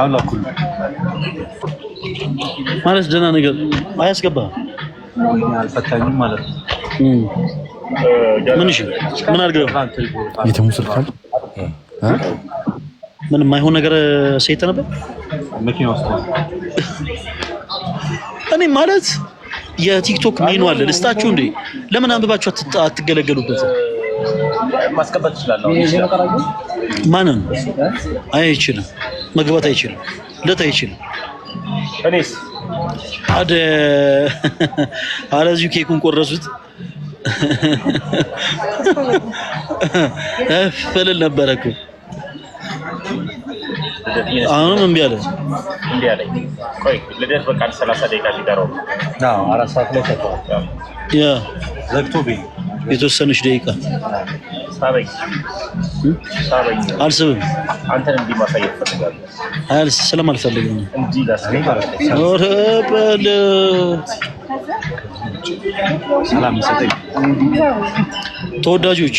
አላ ኩል ማለት ደህና ነገር አያስገባ አልፈታኝም ማለት ነው። ምን እሺ፣ ምን አድርገህ ነገር ሴት ነበር መኪና ውስጥ እኔ ማለት የቲክቶክ ሜኑ አለ ልስጣችሁ እንዴ? ለምን አንብባችሁ አትገለገሉበት? ማስቀመጥ ይችላል። ማንን አይችልም። መግባት አይችልም፣ ለት አይችልም። እኔስ አደ አለዚሁ ኬኩን ቆረሱት ፍልል ነበረ እኮ አሁንም እምቢ አለ። እምቢ አለ። ቆይ ልደት በቃ 30 ደቂቃ ሊቀረው ነው። አዎ አራት ሰዓት ላይ ያ ዘግቶብኝ የተወሰነች ደቂቃ አልስብም። ነው። ተወዳጆች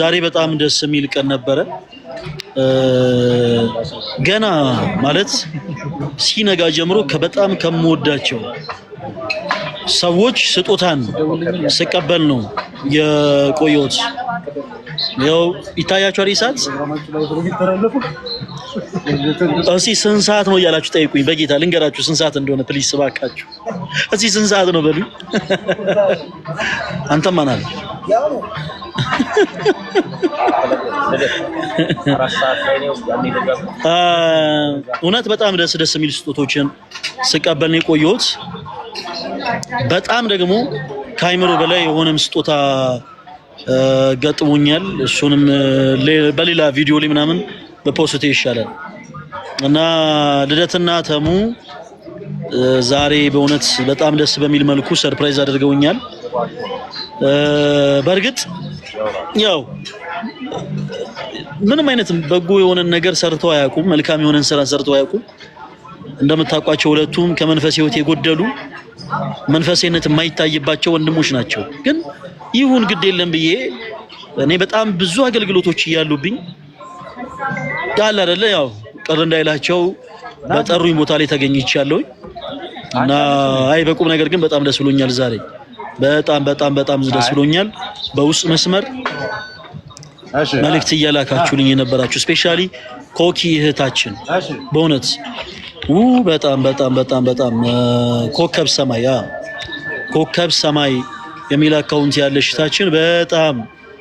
ዛሬ በጣም ደስ የሚል ቀን ነበረ። ገና ማለት ሲነጋ ጀምሮ በጣም ከምወዳቸው ሰዎች ስጦታን ስቀበል ነው የቆየሁት። ያው ይታያችኋል ሰዓት እስኪ ስንት ሰዓት ነው እያላችሁ ጠይቁኝ። በጌታ ልንገራችሁ ስንት ሰዓት እንደሆነ ፕሊስ እባካችሁ። እስኪ ስንት ሰዓት ነው በሉ። አንተም ማናል እውነት በጣም ደስ ደስ የሚል ስጦቶችን ስቀበል ነው የቆየሁት። በጣም ደግሞ ከአይምሮ በላይ የሆነም ስጦታ ገጥሞኛል። እሱንም በሌላ ቪዲዮ ላይ ምናምን በፖስት ይሻላል እና ልደትና ተሙ ዛሬ በእውነት በጣም ደስ በሚል መልኩ ሰርፕራይዝ አድርገውኛል። በእርግጥ ያው ምንም አይነት በጎ የሆነን ነገር ሰርተው አያውቁም። መልካም የሆነን ስራ ሰርተው አያውቁም። እንደምታውቋቸው ሁለቱም ከመንፈስ ህይወት የጎደሉ መንፈሳዊነት የማይታይባቸው ወንድሞች ናቸው። ግን ይሁን ግድ የለም ብዬ እኔ በጣም ብዙ አገልግሎቶች እያሉብኝ ያለ አይደለ ያው ቅር እንዳይላቸው በጠሩኝ ቦታ ላይ ተገኝቻለሁ እና አይ በቁም ነገር ግን በጣም ደስ ብሎኛል። ዛሬ በጣም በጣም በጣም ደስ ብሎኛል። በውስጥ መስመር መልእክት እያላካችሁልኝ የነበራችሁ ስፔሻሊ ኮኪ እህታችን በእውነት በጣም በጣም በጣም በጣም ኮከብ ሰማይ ያ ኮከብ ሰማይ የሚል አካውንት ያለ ሽታችን በጣም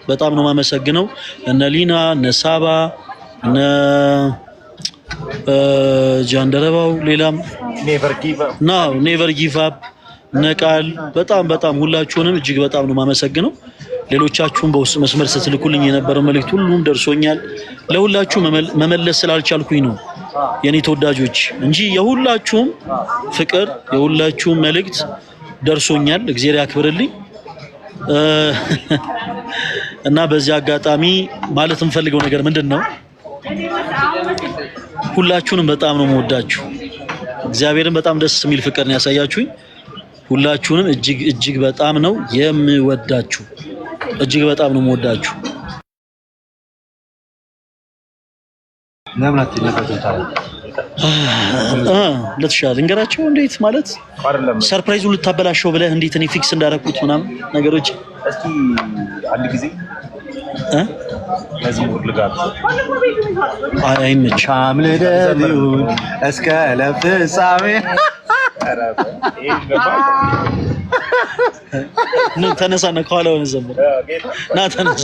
በጣም ነው የማመሰግነው። እነ ሊና እነ ሳባ እነ ጃንደረባው ሌላም ኔቨር ጊቭ አፕ እነ ቃል በጣም በጣም ሁላችሁንም እጅግ በጣም ነው የማመሰግነው። ሌሎቻችሁም በውስጥ መስመር ስትልኩልኝ የነበረው መልእክት ሁሉም ደርሶኛል። ለሁላችሁ መመለስ ስላልቻልኩኝ ነው የኔ ተወዳጆች እንጂ የሁላችሁም ፍቅር የሁላችሁም መልእክት ደርሶኛል። እግዚአብሔር ያክብርልኝ እና በዚህ አጋጣሚ ማለት የምፈልገው ነገር ምንድን ነው? ሁላችሁንም በጣም ነው የምወዳችሁ። እግዚአብሔርን በጣም ደስ የሚል ፍቅር ነው ያሳያችሁኝ። ሁላችሁንም እጅግ እጅግ በጣም ነው የምወዳችሁ። እጅግ በጣም ነው የምወዳችሁ። ለተሻለ እንገራቸው እንዴት ማለት ሰርፕራይዙ ልታበላሸው ብለህ እንዴት እኔ ፊክስ እንዳደረኩት ምናምን ነገሮች እስኪ አንድ ጊዜ መዝሙር ነው። ተነሳ ነው ከኋላ ሆነ ዘምር ና ተነሳ።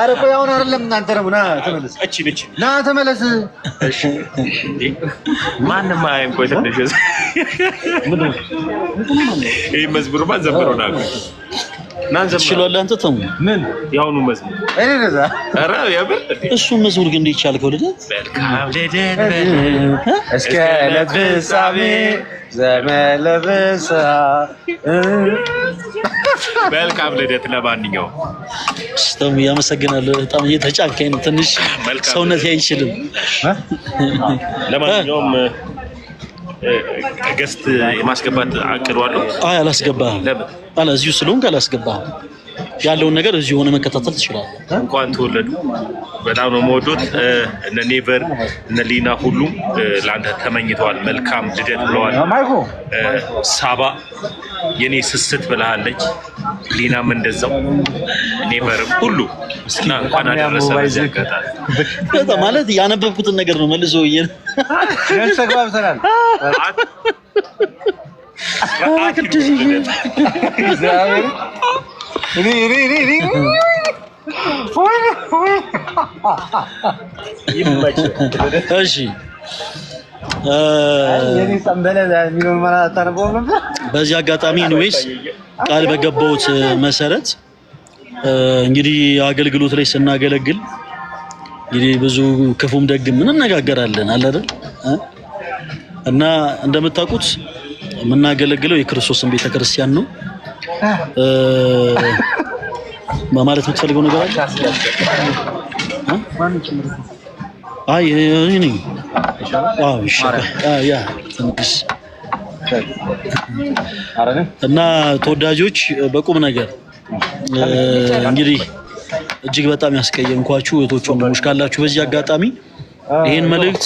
አረ ቆይ አሁን አይደለም እናንተ ነው። ና ተመለስ፣ እቺ ና ተመለስ። ማንም አይም ቆይ ትንሽ ይህ ማን ዘምረው ና ችሏል። አንተ ተሙ ምን የአሁኑ መዝሙር እኔ ነዛ አረ የምር እሱ መዝሙር ግን እንዴት ቻልከው? ልደት መልካም ልደት እስከ ለብሳቤ ዘመለበሳ መልካም ልደት። ለማንኛውም ስተም እያመሰግናለሁ። በጣም እየተጫካኝ ነው፣ ትንሽ ሰውነት አይችልም። ለማንኛውም ገስት የማስገባት አቅዷለሁ። አይ አላስገባህም። ለምን አላ እዚሁ ስለሆንክ አላስገባህም። ያለውን ነገር እዚህ የሆነ መከታተል ትችላለህ። እንኳን ተወለዱ። በጣም ነው መወዶት። እነ ኔቨር እነ ሊና ሁሉም ለአንተ ተመኝተዋል። መልካም ልደት ብለዋል። ሳባ የኔ ስስት ብላለች ሊናም እንደዛው ኔቨርም ሁሉ እና እንኳን አደረሰ። በዚህ ማለት ያነበብኩትን ነገር ነው መልሶ ተግባብተናል። እሺ በዚህ አጋጣሚ ኢንዌይስ ቃል በገባሁት መሰረት እንግዲህ አገልግሎት ላይ ስናገለግል እንግዲህ ብዙ ክፉም ደግም ምን አለ አይደል እና እንደምታውቁት የምናገለግለው የክርስቶስን ቤተክርስቲያን ነው። ማለት የምትፈልገው ነገር አለ? አይ እኔ አዎ፣ ትንሽ እና ተወዳጆች በቁም ነገር እንግዲህ እጅግ በጣም ያስቀየምኳችሁ እህቶች ወንድሞች ካላችሁ በዚህ አጋጣሚ ይህን መልእክት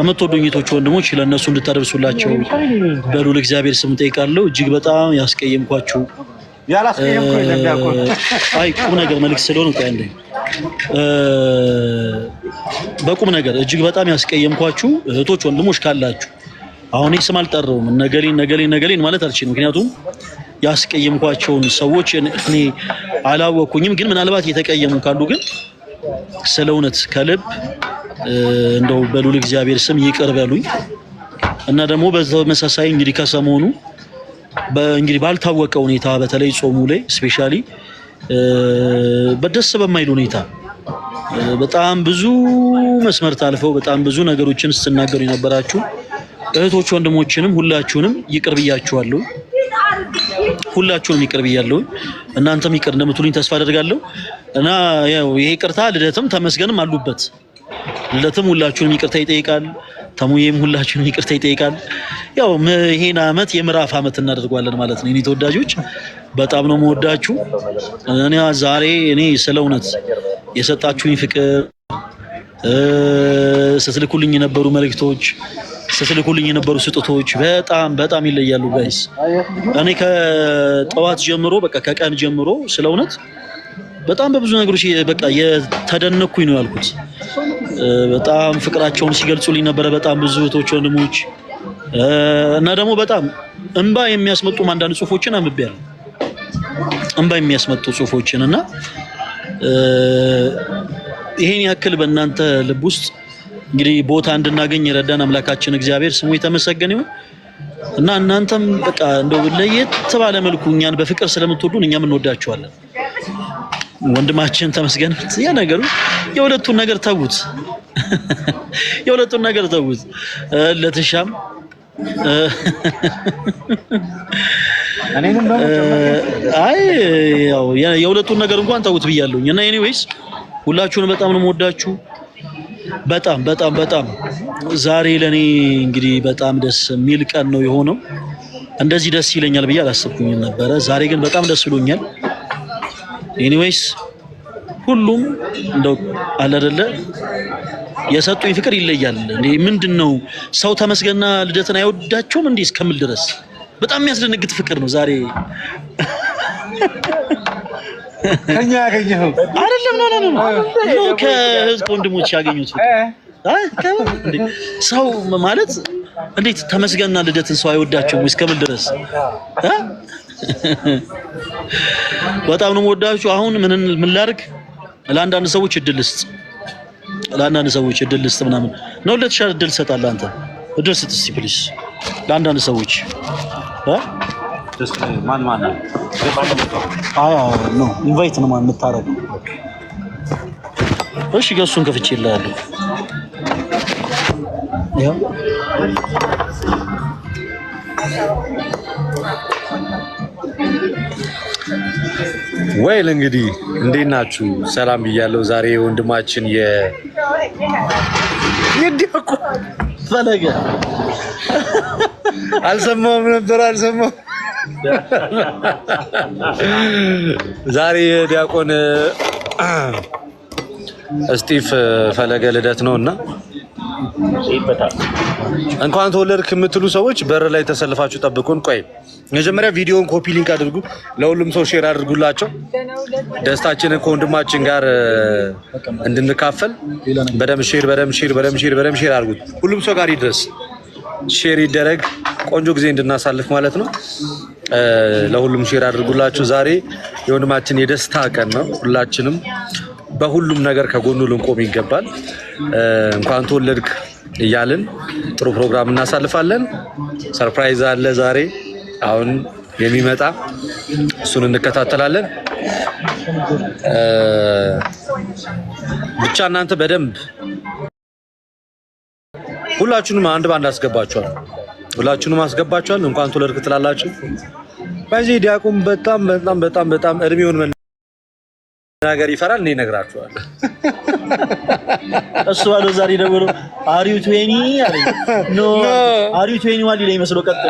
የምትወዱኝቶች ወንድሞች ለእነሱ እንድታደርሱላቸው በሉል እግዚአብሔር ስም ጠይቃለሁ። እጅግ በጣም ያስቀየምኳችሁ አይ ቁም ነገር መልእክት ስለሆነ እንደ በቁም ነገር እጅግ በጣም ያስቀየምኳችሁ እህቶች ወንድሞች ካላችሁ አሁን ስም አልጠረውም። ነገሌን ነገሌን ነገሌን ማለት አልችልም። ምክንያቱም ያስቀየምኳቸውን ሰዎች እኔ አላወኩኝም። ግን ምናልባት የተቀየሙ ካሉ ግን ስለ እውነት ከልብ እንደው በሉል እግዚአብሔር ስም ይቅር በሉኝ እና ደግሞ በተመሳሳይ እንግዲህ ከሰሞኑ እንግዲህ ባልታወቀ ሁኔታ በተለይ ጾሙ ላይ ስፔሻሊ በደስ በማይል ሁኔታ በጣም ብዙ መስመር ታልፈው በጣም ብዙ ነገሮችን ስትናገሩ የነበራችሁ እህቶች ወንድሞችንም ሁላችሁንም ይቅር ብያችኋለሁ። ሁላችሁንም ይቅር ብያለሁ። እናንተም ይቅር እንደምትሉኝ ተስፋ አደርጋለሁ። እና ያው ይሄ ቅርታ ልደትም ተመስገንም አሉበት። ልደትም ሁላችሁንም ይቅርታ ይጠይቃል። ተሙዬም ሁላችሁንም ይቅርታ ይጠይቃል። ያው ይሄን አመት የምዕራፍ አመት እናደርጓለን ማለት ነው። እኔ ተወዳጆች በጣም ነው መወዳችሁ። እኔ ዛሬ እኔ ስለ እውነት የሰጣችሁኝ ፍቅር ስትልኩልኝ የነበሩ መልእክቶች ስትልኩልኝ የነበሩ ስጥቶች በጣም በጣም ይለያሉ ጋይስ። እኔ ከጠዋት ጀምሮ በቃ ከቀን ጀምሮ ስለ እውነት በጣም በብዙ ነገሮች በቃ የተደነኩኝ ነው ያልኩት። በጣም ፍቅራቸውን ሲገልጹልኝ ነበረ። በጣም ብዙ እህቶች፣ ወንድሞች እና ደግሞ በጣም እንባ የሚያስመጡ አንዳንድ ጽሁፎችን አንብቤያለሁ። እንባ የሚያስመጡ ጽሁፎችን እና ይሄን ያክል በእናንተ ልብ ውስጥ እንግዲህ ቦታ እንድናገኝ የረዳን አምላካችን እግዚአብሔር ስሙ የተመሰገነ ይሁን እና እናንተም በቃ እንደው ለየት ባለ መልኩ እኛን በፍቅር ስለምትወዱን እኛም እንወዳችኋለን። ወንድማችን ተመስገን ያ ነገሩ የሁለቱን ነገር ተውት፣ የሁለቱን ነገር ተውት። ለትሻም አይ ያው የሁለቱን ነገር እንኳን ተውት ብያለሁኝ። እና ኤኒዌይስ ሁላችሁንም በጣም ነው የምወዳችሁ። በጣም በጣም በጣም ዛሬ ለኔ እንግዲህ በጣም ደስ የሚል ቀን ነው የሆነው። እንደዚህ ደስ ይለኛል ብዬ አላሰብኩኝም ነበረ። ዛሬ ግን በጣም ደስ ብሎኛል። ኤኒዌይስ ሁሉም እንደው አለ አይደለ የሰጡኝ ፍቅር ይለያል። እንዴ ምንድን ነው ሰው ተመስገና ልደትን አይወዳቸውም እንዴ እስከምል ድረስ በጣም የሚያስደነግጥ ፍቅር ነው። ዛሬ ከኛ ያገኘኸው አይደለም ኖ ኖ ኖ ከህዝብ ወንድሞች ያገኙት ሰው ማለት እንዴት ተመስገና ልደትን ሰው አይወዳቸውም እስከምል ድረስ በጣም ነው የምወዳችሁ። አሁን ምን ምን ላድርግ? ለአንዳንድ ሰዎች እድል ስጥ፣ ለአንዳንድ ሰዎች እድል ስጥ ምናምን ነው። ለተሻለ እድል ሰጣለህ አንተ እድል ስጥ እስቲ ፕሊስ፣ ለአንዳንድ ሰዎች ማን ማን ነው? አዎ ነው ኢንቫይት ነው ማን የምታረግ? እሺ ገሱን ከፍቼ ይላል ያው ወይል እንግዲህ እንዴት ናችሁ? ሰላም ብያለሁ። ዛሬ የወንድማችን የዲያቆን ፈለገ አልሰማሁም ነበር አልሰማሁም። ዛሬ የዲያቆን እስጢፍ ፈለገ ልደት ነው እና እንኳን ተወለድክ የምትሉ ሰዎች በር ላይ ተሰልፋችሁ ጠብቁን። ቆይ መጀመሪያ ቪዲዮን ኮፒ ሊንክ አድርጉ፣ ለሁሉም ሰው ሼር አድርጉላቸው። ደስታችንን ከወንድማችን ጋር እንድንካፈል በደምብ ሼር፣ በደምብ ሼር፣ በደምብ ሼር፣ በደምብ ሼር አድርጉት። ሁሉም ሰው ጋር ይድረስ፣ ሼር ይደረግ። ቆንጆ ጊዜ እንድናሳልፍ ማለት ነው። ለሁሉም ሼር አድርጉላችሁ። ዛሬ የወንድማችን የደስታ ቀን ነው። ሁላችንም በሁሉም ነገር ከጎኑ ልንቆም ይገባል። እንኳን ተወለድክ እያልን ጥሩ ፕሮግራም እናሳልፋለን። ሰርፕራይዝ አለ ዛሬ አሁን የሚመጣ እሱን እንከታተላለን። ብቻ እናንተ በደንብ ሁላችሁንም አንድ በአንድ አስገባችኋል። ሁላችሁንም አስገባችኋል። እንኳን ተወለድክ ትላላችሁ። በዚህ ዲያቆን በጣም በጣም በጣም በጣም እድሜውን ነገር ይፈራል እንዴ? ነግራችኋል። እሱ ባለው ዛሬ ደውሎ አሪዩ ትዌኒ አለኝ። ኖ አሪዩ ትዌኒ ዋን ሊለኝ መስሎ ቀጥ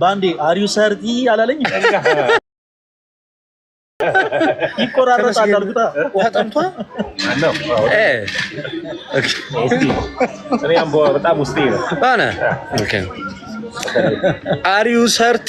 በአንዴ አሪዩ ሰርቲ አላለኝ። ይቆራረጣል አልኩታ። ውሃ ጠምቷ በጣም ውስጤ ነው። አሪው ሰርቲ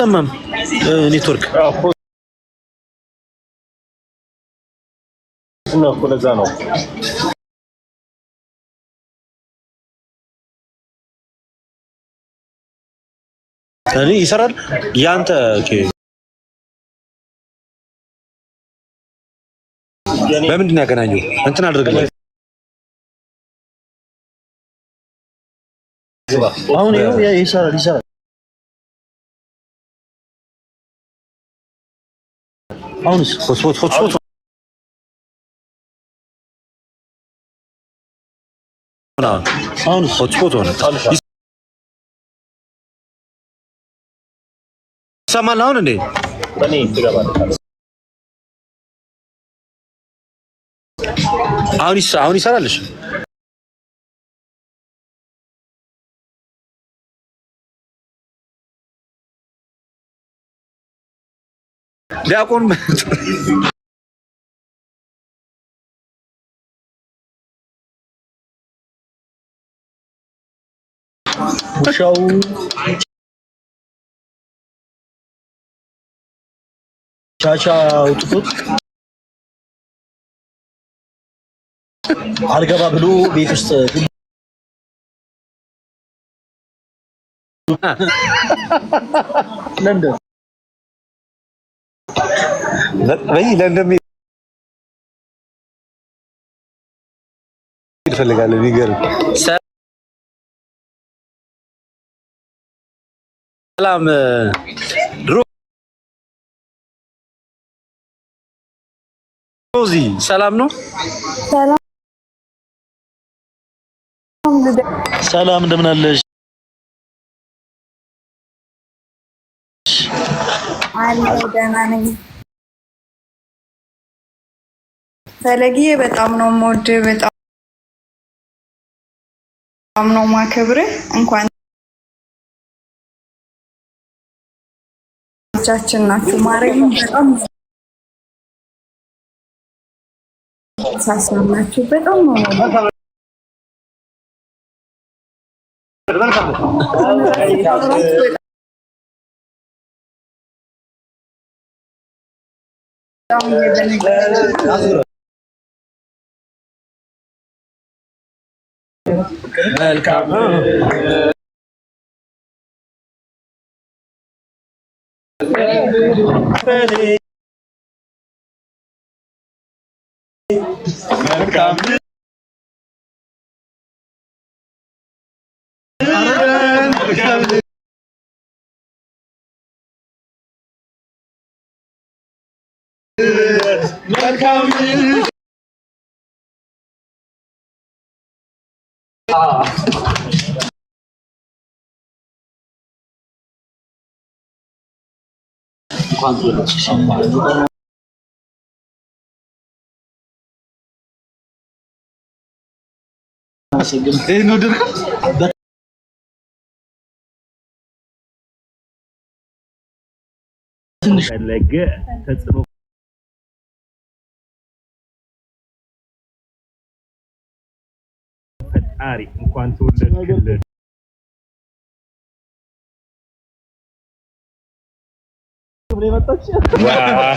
አይሰማም ኔትወርክ ለዛ ነው። እኔ ይሰራል ያንተ በምንድን ነው ያገናኘው? እንትን አድርግልኝ አሁን ይሄ ይሰራል ይሰራል አሁንስ ሆት ሆት ሆት አሁን ሆትስፖት ሆነ። ይሰማል አሁን እንዴ? አሁን ይሰራልሽ? ዲያቆን ውሻው ቻቻ አውጥቶት አልገባ ብሎ ቤት ውስጥ ለንደን እፈልጋለሁ የሚገርም ሰላም ሮዚ ሰላም ነው። ሰላም እንደምን አለሽ? አለው ደህና ነኝ። ፈለጊዬ በጣም ነው ሞድ በጣም ነው የማከብርህ። እንኳን ቻችን ናችሁ ማረኝ በጣም ሳሳናችሁ በጣም ነው Welcome. Welcome. መልካም ይህ ፈለገ ተጽዕኖ Ari, in quanto il Wow.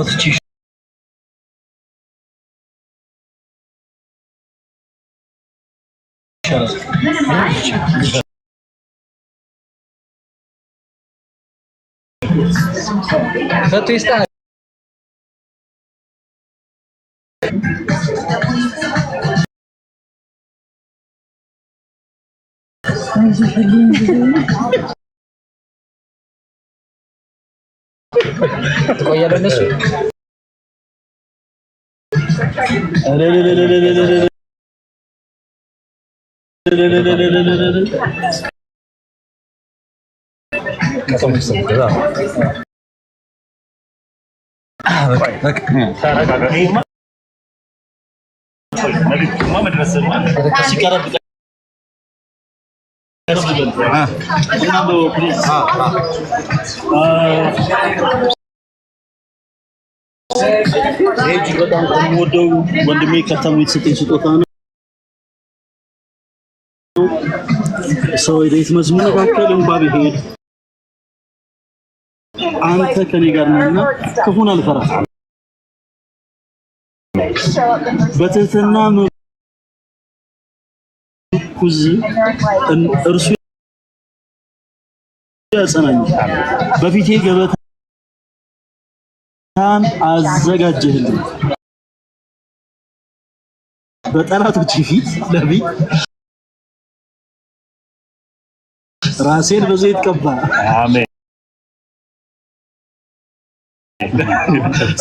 odcisk Co no to jest tak? ትቆያለህ እነሱ ሲቀረብ ಇನ್ನೊಂದು እጅግ በጣም ከምወደው ወንድሜ ከተሙ የተሰጠኝ ስጦታ ነው። ሰው ቤት መዝሙር መካከል እንባ ቢሄድ አንተ ከኔ ጋር ነህና ክፉን አልፈራም። በትህትና ኩዝ እርሱ ያጸናኛል። በፊቴ ገበታን አዘጋጀህልኝ በጠላቶች ፊት ለፊት ራሴን በዘይት ቀባ። አሜን።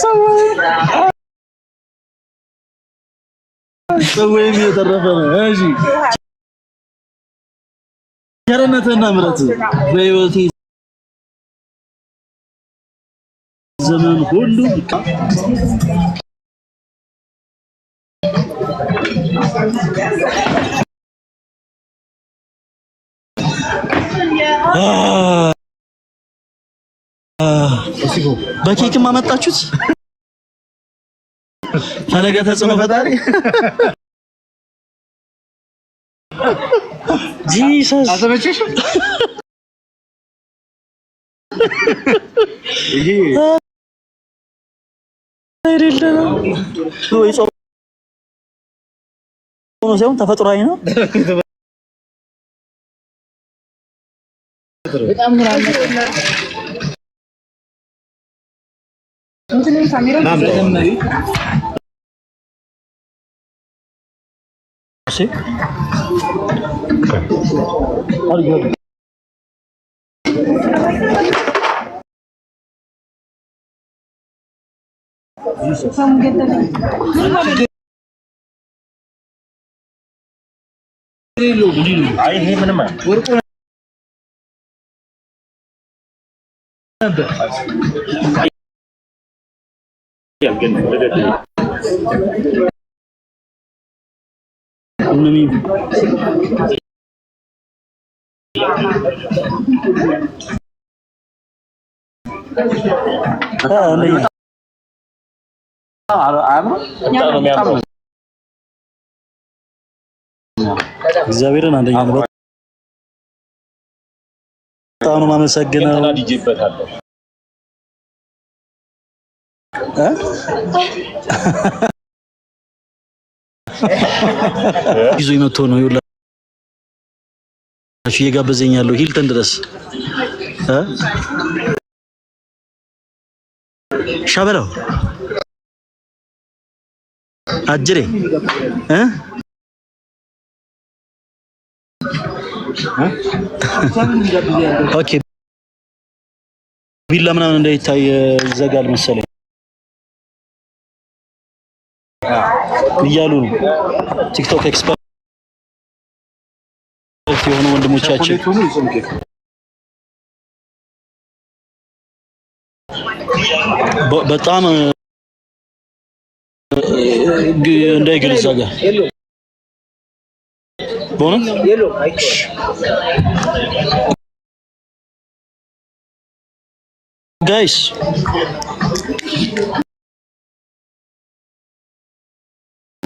ሰው ነው እሺ ገርነትና ምረት በህይወቴ ዘመን ሁሉ በኬክም አመጣችሁት ፈለገ ተጽዕኖ ፈጣሪ ጂሰስ አሰበችሽ። ሳይሆን ተፈጥሯዊ ነው። और ये आई है मन में Anlamıyorum. እግዚአብሔርን አንደኛ ነው። በጣም ነው የማመሰግነው። ይዞ መጥቶ ነው ይላችሁ እየጋበዘኝ ያለው ሂልተን ድረስ ሻበላው አጅሬ እ ኦኬ ቢላ ምናምን እንዳይታይ ይዘጋል መሰለኝ። Ya lulu, TikTok expert. Guys.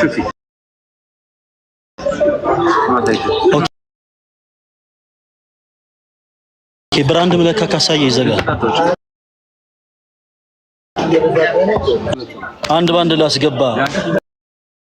شوفي የብራንድ ምለካ ካሳየ ይዘጋል። አንድ ባንድ ላስገባ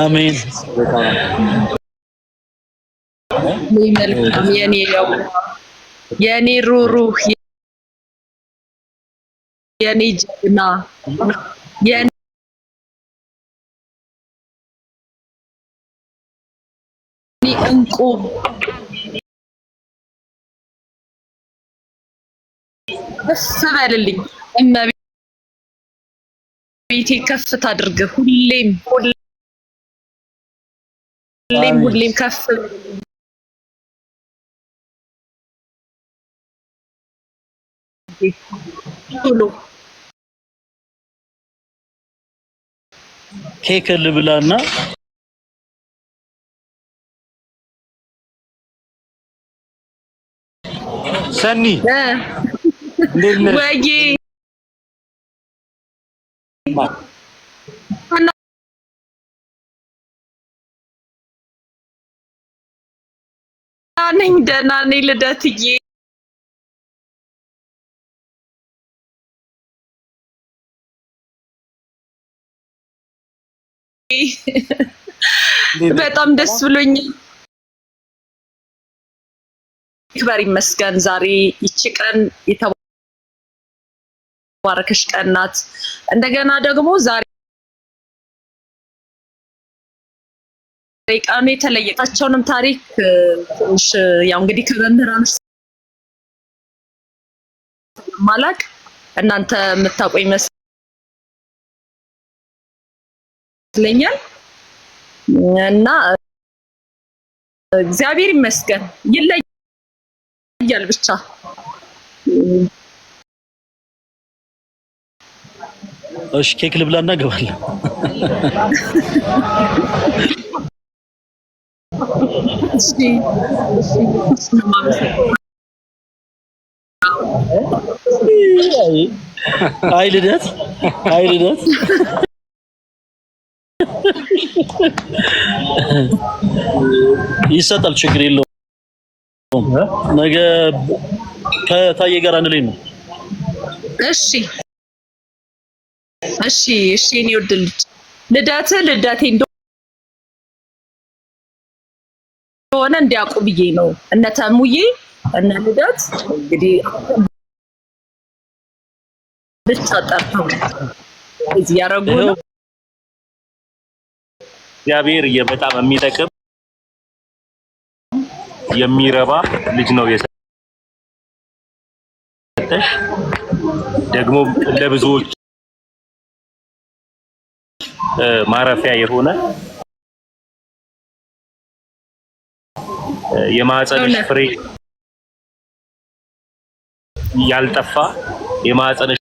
አሜን። መልካም የኔ የኔ ሩሩህ የኔ ጀግና የኔ እንቁ ደስ በልልኝ እመቤቴ ከፍት አድርገ ሁሌም ሁሌም ሁሌም ከፍ ቶሎ ኬክ ልብላና ሰኒ ነኝ ደህና ነኝ ልደትዬ። በጣም ደስ ብሎኛል። ክበር ይመስገን ዛሬ ይቺ ቀን ባረከሽ ቀናት እንደገና ደግሞ ዛሬ ቀኑ የተለየታቸውንም ታሪክ ትንሽ ያው እንግዲህ ከመምህራኖች ማላቅ እናንተ የምታውቁ ይመስለኛል እና እግዚአብሔር ይመስገን ይለያል ብቻ እሺ ኬክ ልብላና እገባለሁ። አይ ልደት፣ አይ ልደት ይሰጣል። ችግር የለውም። ነገ ከታየ ጋር አንድ ላይ ነው። እሺ እሺ፣ እሺ። እኔ ውድ ልጅ ልዳት ልዳቴ እንደሆነ እንዲያውቁ ብዬ ነው። እነ ተሙዬ እነ ልዳት እንግዲህ ብቻ ጠርተው እዚህ ያደረጉ ነው። እግዚአብሔር በጣም የሚጠቅም የሚረባ ልጅ ነው የሰጠሽ ደግሞ ለብዙዎች ማረፊያ የሆነ የማህፀንሽ ፍሬ ያልጠፋ የማህፀንሽን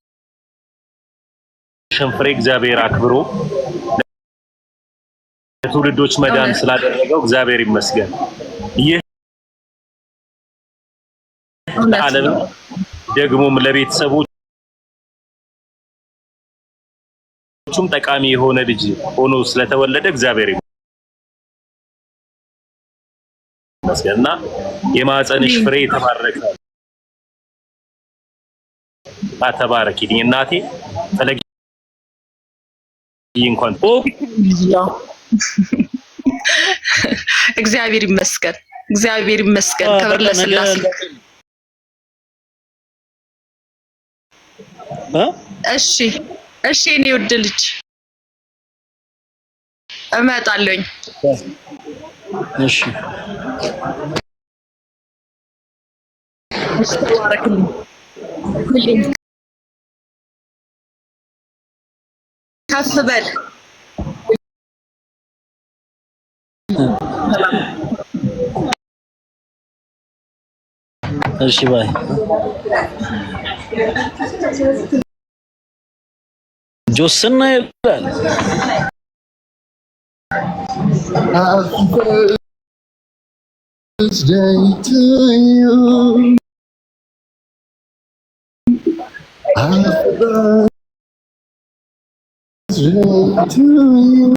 ፍሬ እግዚአብሔር አክብሮ ለትውልዶች መዳን ስላደረገው እግዚአብሔር ይመስገን። ይህ ለዓለም ደግሞም ለቤተሰቦች ለፍጹም ጠቃሚ የሆነ ልጅ ሆኖ ስለተወለደ እግዚአብሔር ይመስገን እና የማህፀንሽ ፍሬ የተባረከ ተባረኪልኝ እናቴ ፈለግ እንኳን እግዚአብሔር ይመስገን፣ እግዚአብሔር ይመስገን። ክብር ለስላሴ። እሺ እሺ እኔ ውድ ልጅ እመጣለሁኝ። እሺ ከፍ በል እሺ ባይ Just to you. birthday to you.